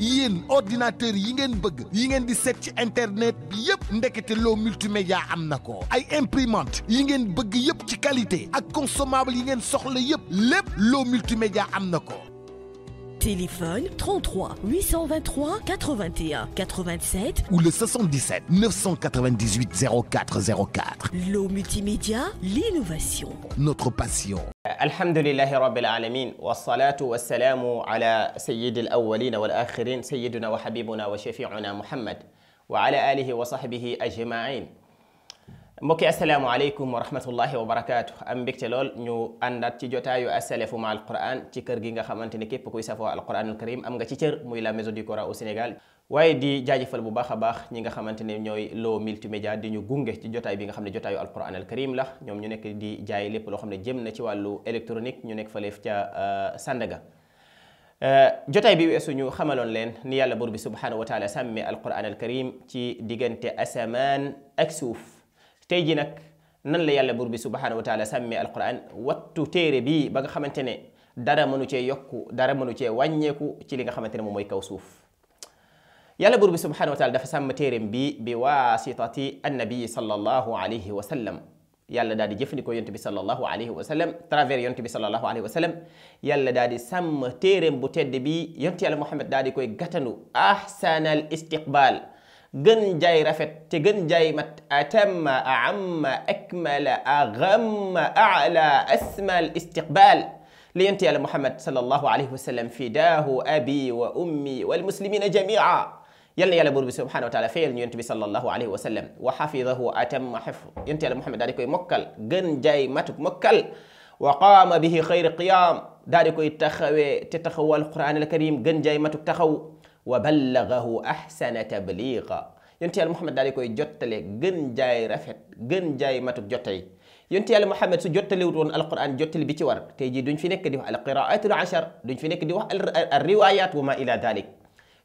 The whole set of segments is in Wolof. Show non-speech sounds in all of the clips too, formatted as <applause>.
yéen ordinateur yi ngeen bëgg yi ngeen di seet ci internet bi yëpp ndekete loo multimédia am na ko ay imprimante yi ngeen bëgg yëpp ci qualité ak consommable yi ngeen soxla yëpp lépp loo multimédia am na ko Téléphone 33 823 81 87 ou le 77 998 0404. 04. L'eau multimédia, l'innovation. Notre passion. الحمد لله رب العالمين والصلاة والسلام على سيد الأولين والآخرين سيدنا وحبيبنا وشفيعنا محمد وعلى آله وصحبه أجمعين mbokki assalaamu aleykum wa rahmatullahi wa barakaatu am mbégte lool ñu àndaat ci jotaayu asalafu ma alquran ci kër gi nga xamante ni képp kuy safoo alquranul karim am nga ci cër muy la maison du coran au Sénégal waaye di jaajëfal bu baax a baax ñi nga xamante ne ñooy loo multimédia di ñu gunge ci jotaay bi nga xam ne jotaayu alquran al karim la ñoom ñu nekk di jaay lépp loo xam ne jëm na ci wàllu électronique ñu nekk faleef ca Sandaga jotaay bi weesu ñu xamaloon leen ni yàlla buur bi subhanahu wa taala sàmme alquran al karim ci diggante asamaan ak suuf tey ji nag nan la yàlla buur bi subhanahu sammi taala sàmmee wattu téere bi ba nga xamante ne dara mënu cee yokku dara mënu cee wàññeeku ci li nga xamante ne moom mooy kaw suuf yàlla buur bi subhanahu dafa sàmm téereem bi bi waasitati annabii sallallahu alayhi wa sallam yàlla daal di jëfandikoo yonent bi sallallahu alayhi wa sallam travers yonent bi yàlla daal di sàmm téereem bu tedd bi yonent yàlla Muhammad daal di koy gàttandu ahsanal istiqbal gën jaay rafet te gën jaay mat atamma aamma akmala aghamma ala asma al istiqbal li yonent yàlla Muhammad sallallahu alayhi wa sallam fidaahu abi wa ummi wal muslimina jami'a yal na yàlla buur bi subhanahu wa taala fayal ñu yonent bi sallallahu alayhi wa sallam wa xafidahu atamma xifd yonent yàlla Muhammad daal di koy mokkal gën jaay matuk mokkal wa qaama bihi xayri qiyaam daal di koy taxawee te taxawal Qur'aan al karim gën jaay matuk taxaw وبلغه احسن تبليغا ينتي يالا محمد داليكو جوتالي گن جاي رافيت گن جاي ماتوك جوتاي يونتي يالا محمد سو جوتالي وون القران جوتالي بيتي وار تيجي دون في نيك دي وخ القراءات العشر دون في نيك دي وخ الروايات وما الى ذلك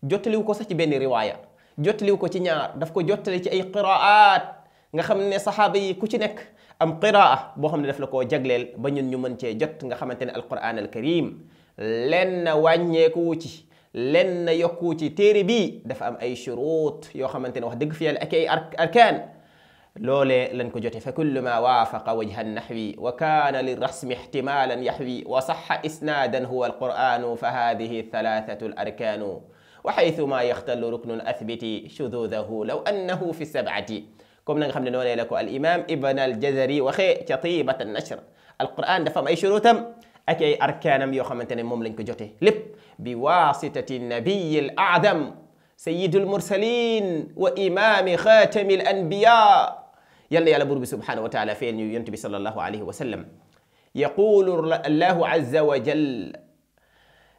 جوتالي وكو ساتي بن روايه جوتالي وكو تي نيار داف كو جوتالي تي اي قراءات nga xamne sahaba yi ku ci nek am qiraa bo xamne daf la ko jaglel ba ñun ñu لن يكوتي تيري بي دفع أم أي شروط يو خمنتين وهدق فيها الأكي أركان لولي لن كجوتي فكل ما وافق وجه النحوي وكان للرسم احتمالا يحوي وصح إسنادا هو القرآن فهذه الثلاثة الأركان وحيث ما يختل ركن اثبتي شذوذه لو أنه في السبعة كم نغم لنولي لكو الإمام ابن الجزري وخي تطيبة النشر القرآن دفع أي شروطم أكي أركانم يو خمنتين مملن لب بواسطة النبي الأعظم سيد المرسلين وإمام خاتم الأنبياء يلا يلا بربي سبحانه وتعالى فين ينتبه صلى الله عليه وسلم يقول الله عز وجل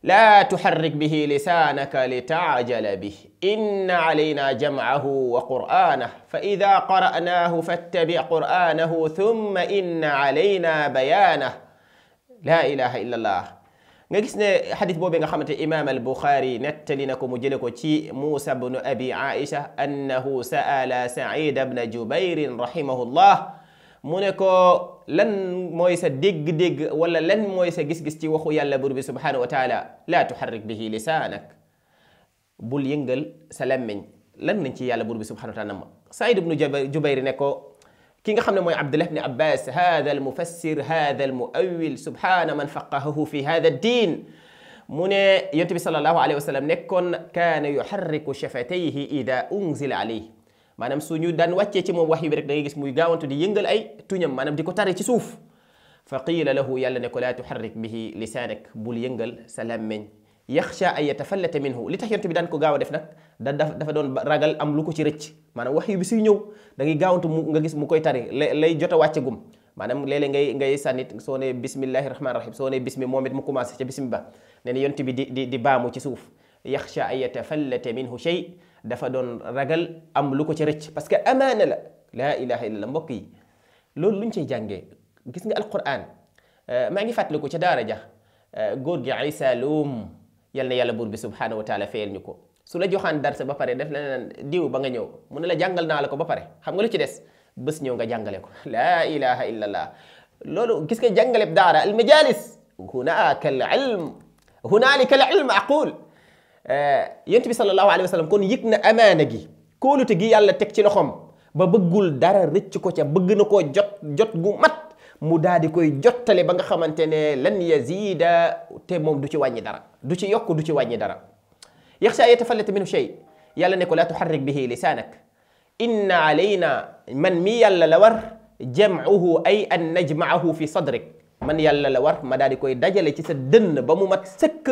لا تحرك به لسانك لتعجل به إن علينا جمعه وقرآنه فإذا قرأناه فاتبع قرآنه ثم إن علينا بيانه لا إله إلا الله nga gis ne xadis boobee nga xamante imam al buxaari nettali na ko mu jële ko ci muusa bnu abi aisha annahu sa'ala said bna jubairin rahimahullah mu ne ko lan mooy sa dégg-dégg wala lan mooy sa gis-gis ci waxu yàlla bur bi subhanahu wa taala laa tuharrik bihi lisaanak bul yëngal sa lammiñ lan nañ ci yàlla bur bi subhanahu wa taala nam said bnu jubair ne ko كي خمنا مو عبد الله بن عباس هذا المفسر هذا المؤول سبحان من فقهه في هذا الدين من ينتبه صلى الله عليه وسلم نكون كان يحرك شفتيه إذا أنزل عليه ما نم سنيو دان واتي تي مو وحي بريك نغيس مو يغاون تو دي ينغل اي تونيم مانام ديكو تاري تي سوف فقيل له يلا نكو لا تحرك به لسانك بول ينغل سلام من يخشى ان يتفلت منه لتحيرت بدانكو غاو ديف نك da dafa doon ragal am lu ko ci rëcc maanaam wax yu bi suy ñëw da ngay gaawantu mu nga gis mu koy tari lay lay jot a wàccegum maanaam léeg-léeg ngay ngay sànnit soo ne bismillahi rahmaani rahim soo ne bismi moom it mu commencé ca bismi ba nee na yont bi di di di baamu ci suuf yaxsha an yatafallata minhu shay dafa doon ragal am lu ko ci rëcc parce que amaana la laa ilaha illallah mbokk yi loolu luñ cay jàngee gis nga alquran maa ngi fàttaliku ca daara ja góor gi Isa Loum yal na yàlla buur bi subhanahu wa taala fayal ñu ko su la joxaan darsa ba pare def la naan diw ba nga ñëw mu ne la jàngal naa la ko ba pare xam nga lu ci des bés ñëw nga jàngale ko laa <laughs> ilaha illallah loolu gis nga jàngaleb daara al majalis hunaka al ilm hunalika al ilm aqul eh, yonent bi sallallahu alayhi wa sallam kon yëg na amaana gi kóolute gi yàlla teg ci loxoom ba bëggul dara rëcc ko ca bëgg na koo jot jot gu mat mu daal di koy jottale ba nga xamante ne lan yazida te moom du ci wàññi dara du ci yokk du ci wàññi dara يخشى أن يتفلت منه شيء يا لنك لا تحرك به لسانك إن علينا من ميل لور جمعه أي أن نجمعه في صدرك من يل لور ما ذلك يدجل تسدن بممت سك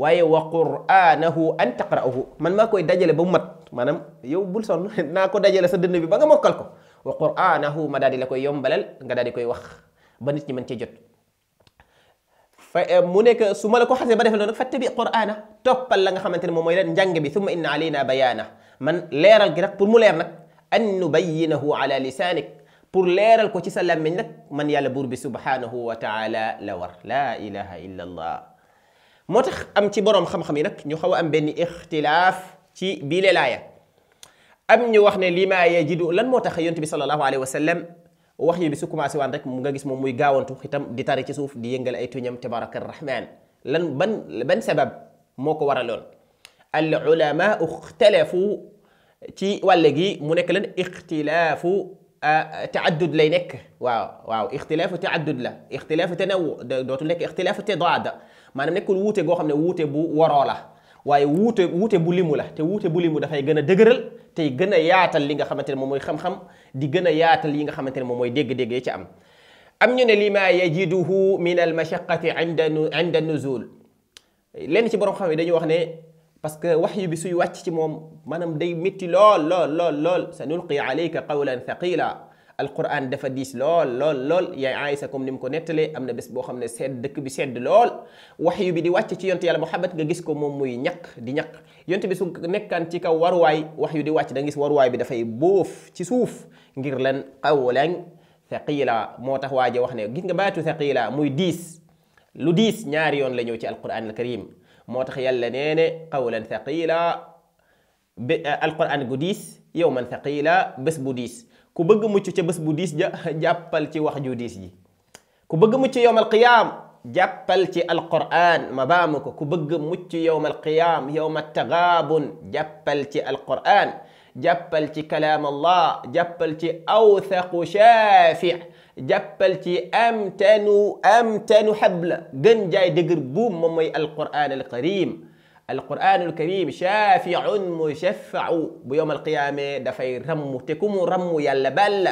واي وقرانه ان تقراه من ماكو يدجل بممت مانام يو بول سون <laughs> ناكو دجل سدن بي باغا موكل كو وقرانه ما ذلك يوم بلل غا ذلك واخ با نيت ني من تي جوت fa mu nek su ma la ko xasse ba defal noonu fattabi qur'ana topal la nga xamanteni mom moy mooy leen njàng bi thumma inna alayna bayana man leral gi nag pour mu leer nak an nubayyinahu ala lisanik pour leral ko ci sa làmmiñ nak man yàlla bur bi subhanahu wa taala la war la ilaha illa allah motax am ci borom xam-xam yi nak ñu xawa am ben ikhtilaf ci biile laaya am ñu wax ne lima yajidu lan motax tax sallallahu alayhi wa sallam wax yi bi su commencé waan rek nga gis moom muy gaawantu itam di tari ci suuf di yëngal ay tuñam tabaraka rahman lan ban ban sabab moo ko waraloon al ulama ixtalafu ci wàll gi mu nekk lan ixtilaafu taaddud lay nekk waaw waaw ixtilaafu taaddud la ixtilaafu tanawu dootul nekk ixtilaafu tidaad maanaam nekkul wuute goo xam ne wuute bu waroo la waaye wuute wuute bu limu la te wuute bu limu dafay gën a dëgëral tey gën a yaatal li nga xamante ne moom mooy xam-xam di gën a yaatal yi nga xamante ne moom mooy dégg-dégg ci am am ñu ne li lima yajiduhu min al mashaqati inda inda nuzul lenn ci borom xam yi dañuy wax ne parce que waxyu bi suy wàcc ci moom maanaam day métti lool lool lool lool sa nulqi alayka qawlan thaqila alquran dafa diis lool lool lool yaay Aïssa comme ni mu ko nettalee am na bés boo xam ne sedd dëkk bi sedd lool waxyu bi di wàcc ci yonte yàlla Muhammad nga gis ko moom muy ñaq di ñaq yonte bi su nekkaan ci kaw waruwaay waxyu di wàcc da nga gis waruwaay bi dafay bóof ci suuf ngir lan qawlan thaqila moo tax waaje wax ne gis nga baatu thaqila muy diis lu diis ñaari yoon la ñëw ci alquran al karim moo tax yàlla nee ne qawlan thaqila alquran gu diis yowman thaqila bés bu diis ku bëgg mucc ca bés bu diis ja jàppal ci wax ju diis ji ku bëgg mucc yowmal qiyaam jàppal ci alquran ma baamu ko ku bëgg mucc yowmal qiyaam yowma tagaabun jàppal ci alquran jàppal ci kalaam allah jàppal ci awthaqu shaafi jàppal ci amtanu amtanu habla gën jaay dëgër buum moom mooy alquran alkarim القران الكريم شافع مشفع بيوم القيامه دفاي رم تكم رم يلا بل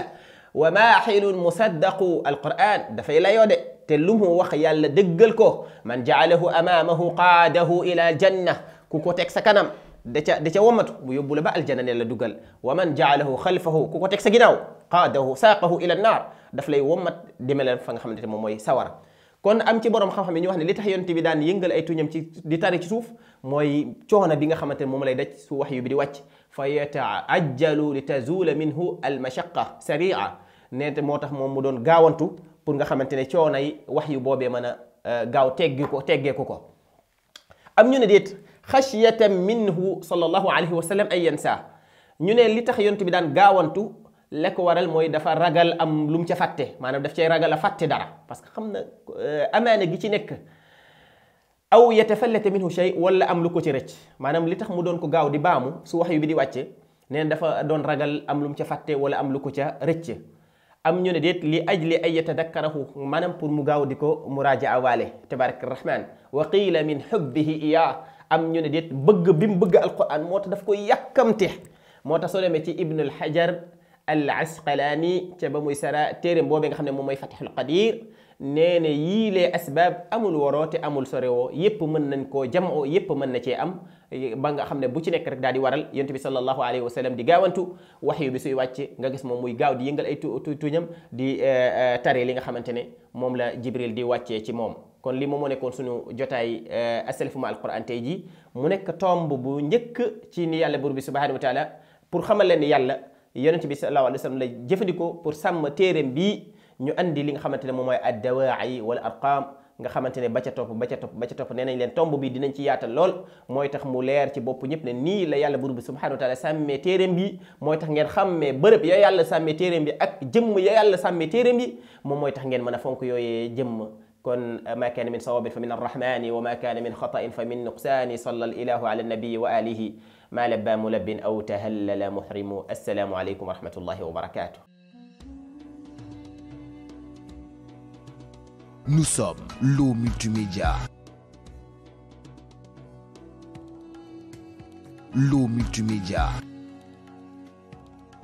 وما مصدق القران دفاي لا يود تلمه وخيال يلا دغلكو من جعله امامه قاده الى الجنه كوكو تك سكنم دچا دچا ومت بيوبل با الجنه يلا دغل ومن جعله خلفه كوكو تك سغيناو قاده ساقه الى النار دفلي ومت ديمل فنخمد خمنتي موي سوار kon am ci borom xam-xam yi ñu wax ne li tax yonent bi daan yëngal ay tuñam ci di tari ci suuf mooy coono bi nga xamante ne moom lay daj su wax yu bi di wàcc fa yataajjalu li tazula minhu al mashaqqa saria ne moo tax moom mu doon gaawantu pour nga xamante ne coono yi wax yu boobee mën a euh, gaaw teggi ko teggeeku ko am ñu ne déet xashyatan minhu sallallahu alayhi wa sallam ay yansa ñu ne li tax yonent bi daan gaawantu la waral mooy dafa ragal am lu mu ca fàtte maanaam daf cay ragal a fàtte dara parce que xam na euh, amaana gi ci nekk aw yatafallata minhu shay wala am lu ko ci rëcc maanaam li tax mu doon ko gaaw di baamu su wax yu bi di wàcce neen dafa doon am lu mu ca fàtte wala am lu ko ca rëcce am ñu ne déet li ajli ay yatadakkarahu maanaam pour mu gaaw di ko muraaja awaale tabaraka rahman wa qiila min xubbihi iyaa am ñu ne déet bëgg bi mu bëgg alquran moo tax daf koy yàkkamte moo tax soo demee ci ibnul hajar al asqalaani ca ba muy sara téeréem boobee nga xam ne moom mooy fatixul qadir nee na yii lee asbaab amul waroo te amul sorewoo yépp mën nañ koo jamoo yépp mën na cee am ba nga xam ne bu ci nekk rek daal di waral yonent bi sallallahu alayhi wa sallam di gaawantu waxyu bi suy wàcc nga gis moom muy gaaw di yëngal ay tu tuñam di eh, eh, tare li nga xamante ne moom la jibril di wàccee ci moom kon li moom moo nekkoon suñu jotaay eh, asalfu ma alquran tey jii mu nekk tomb bu njëkk ci ni yàlla buur bi subhanahu pour xamal leen ni yàlla yonent bi sallallahu alayhi wasallam lay jefandiko pour sam terem bi ñu andi li nga xamantene ne moy mooy addawaayi wala arqaam nga xamantene ba ca top ba ca top ba ca top nenañ len leen bi dinañ ci yaatal lol moy tax mu leer ci bop ñep ne ni la yàlla burbu subhanahu wa taala sàmmee terem bi moy tax ngeen xàmmee bërëb ya yàlla sàmmee terem bi ak jëm ya yàlla sàmmee terem bi moom moy tax ngeen mëna fonk yoyé jëm kon ما كان من صواب فمن الرحمن وما كان من خطأ فمن نقصان صلى الإله على النبي وآله ما لبى ملب أو تهلل محرم السلام عليكم ورحمة الله وبركاته Nous sommes l'eau multimédia. L'eau multimédia.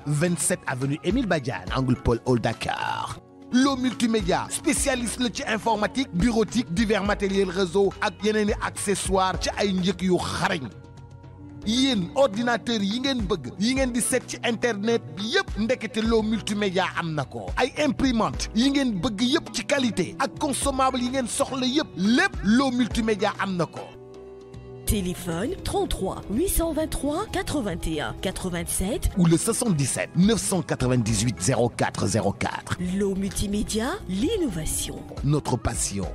27 avenue Émile Badian, Angle Paul Hall Dakar. L'eau multimédia spécialiste de l'informatique, informatique bureautique divers matériel réseau et accessoires, i accessoires ci yéen ordinateur yi ngeen bëgg yi ngeen di ci internet bi yëpp ndekete loo multimédia am na ko ay imprimante yi ngeen bëgg yépp ci qualité ak consommable yi ngeen soxla yépp lépp loo multimédia am ko Téléphone 33 823 81 87 ou le 77 998 0404. L'eau multimédia, l'innovation. Notre passion.